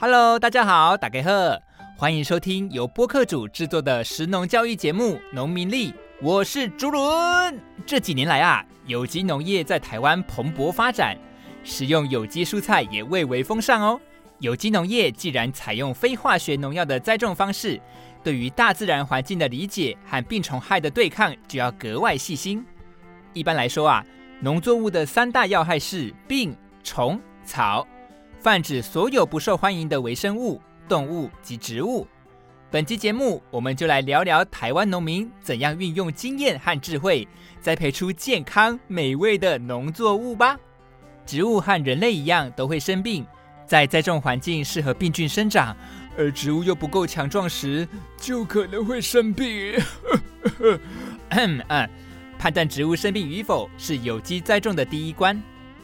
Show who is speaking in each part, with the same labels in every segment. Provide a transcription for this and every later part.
Speaker 1: Hello，大家好，打給鶴，歡迎收聽由播客煮制作的食農教育節目《農民力》，我是竹倫。這幾年來啊，有機農業在台灣蓬勃發展，食用有機蔬菜也蔚為風尚哦。有機農業既然採用非化學農藥的栽種方式，對於大自然環境的理解和病蟲害的對抗就要格外細心。一般來說啊，農作物的三大要害是病、蟲、草。泛指所有不受歡迎的微生物、動物及植物。本期節目，我們就來聊聊台灣農民怎樣運用經驗和智慧，栽培出健康美味的農作物吧。植物和人類一樣，都會生病。在栽種環境適合病菌生長，而植物又不夠強壯時，就可能會生病。嗯 嗯、啊，判斷植物生病與否，是有機栽種的第一關。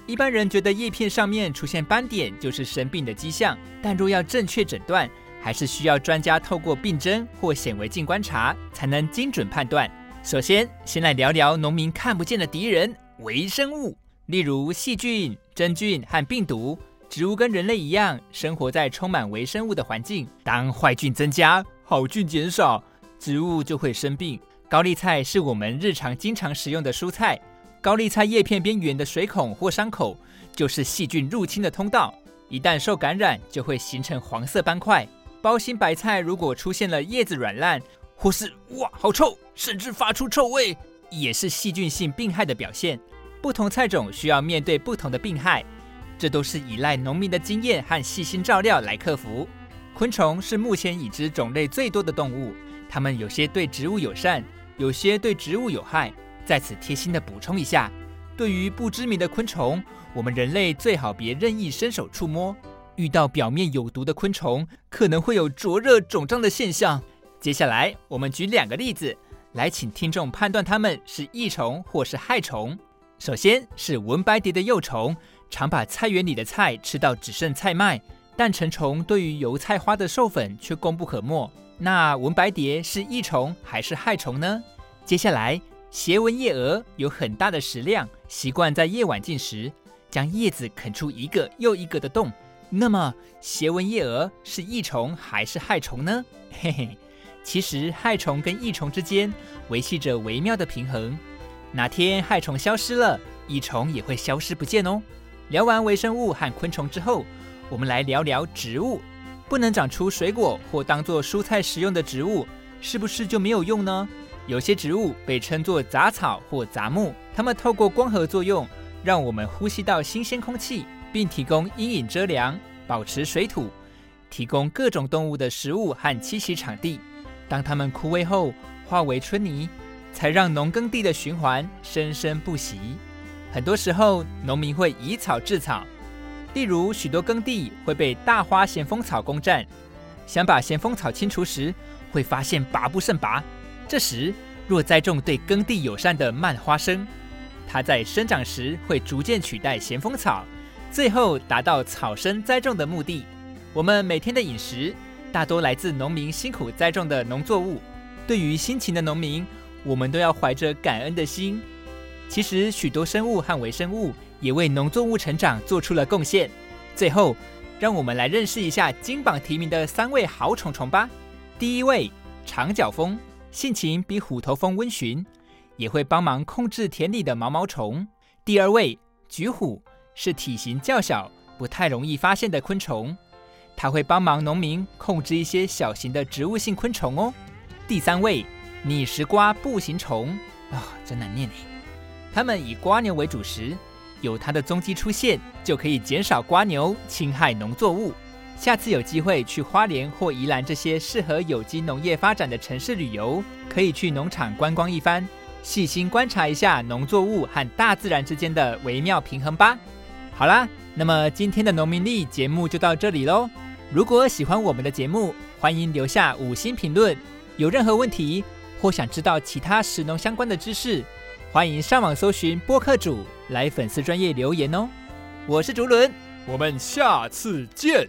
Speaker 1: 一般人覺得葉片上面出現斑點就是生病的跡象，但若要正確診斷，還是需要專家透過病徵或顯微鏡觀察才能精準判斷。首先，先來聊聊農民看不見的敵人——微生物，例如細菌、真菌和病毒。植物跟人類一樣，生活在充滿微生物的環境。當壞菌增加，好菌減少，植物就會生病。高麗菜是我們日常經常食用的蔬菜。高麗菜葉片邊緣的水孔或傷口，就是細菌入侵的通道。一旦受感染，就會形成黃色斑塊。包心白菜如果出現了葉子軟爛，或是哇，好臭，甚至發出臭味，也是細菌性病害的表現。不同菜種需要面對不同的病害，這都是依賴農民的經驗和細心照料來克服。昆蟲是目前已知種類最多的動物，它們有些對植物友善，有些對植物有害。在此貼心的補充一下，對於不知名的昆蟲，我們人類最好別任意伸手觸摸。遇到表面有毒的昆蟲，可能會有灼熱、腫脹的現象。接下來，我們舉兩個例子，來請聽眾判斷它們是益蟲或是害蟲。首先是紋白蝶的幼蟲，常把菜園裡的菜吃到只剩菜脈，但成蟲對於油菜花的授粉卻功不可沒。那紋白蝶是益蟲還是害蟲呢？接下來。斜紋夜蛾有很大的食量，習慣在夜晚進食，將葉子啃出一個又一個的洞。那麼，斜紋夜蛾是益蟲還是害蟲呢？嘿嘿，其實害蟲跟益蟲之間維繫着微妙的平衡。哪天害蟲消失了，益蟲也會消失不見哦。聊完微生物和昆蟲之後，我們來聊聊植物。不能長出水果或當做蔬菜食用的植物，是不是就沒有用呢？有些植物被稱作雜草或雜木，它們透過光合作用，讓我們呼吸到新鮮空氣，並提供陰影遮涼，保持水土，提供各種動物的食物和棲息場地。當它們枯萎後，化為春泥，才讓農耕地的循環生生不息。很多時候，農民會以草制草，例如許多耕地會被大花咸豐草攻占。想把咸豐草清除時，會發現拔不勝拔。這時，若栽種對耕地友善的蔓花生，它在生長時會逐漸取代咸豐草，最後達到草生栽種的目的。我們每天的飲食大多來自農民辛苦栽種的農作物。對於辛勤的農民，我們都要懷着感恩的心。其實，許多生物和微生物也為農作物成長做出了貢獻。最後，讓我們來認識一下金榜題名的三位好蟲蟲吧。第一位，長角蜂。性情比虎頭蜂溫馴，也會幫忙控制田裡的毛毛蟲。第二位，菊虎是體型較小、不太容易發現的昆蟲，它會幫忙農民控制一些小型的植物性昆蟲哦。第三位，擬食蝸步行蟲啊、哦，真難念誒。它們以蝸牛為主食，有它的蹤跡出現，就可以減少蝸牛侵害農作物。下次有機會去花蓮或宜蘭這些適合有機農業發展的城市旅遊，可以去農場觀光一番，細心觀察一下農作物和大自然之間的微妙平衡吧。好啦，那麼今天的農民力節目就到這裡嘍。如果喜歡我們的節目，歡迎留下五星評論。有任何問題或想知道其他食農相關的知識，歡迎上網搜尋播客主來粉絲專業留言哦。我是竹輪，我們下次見。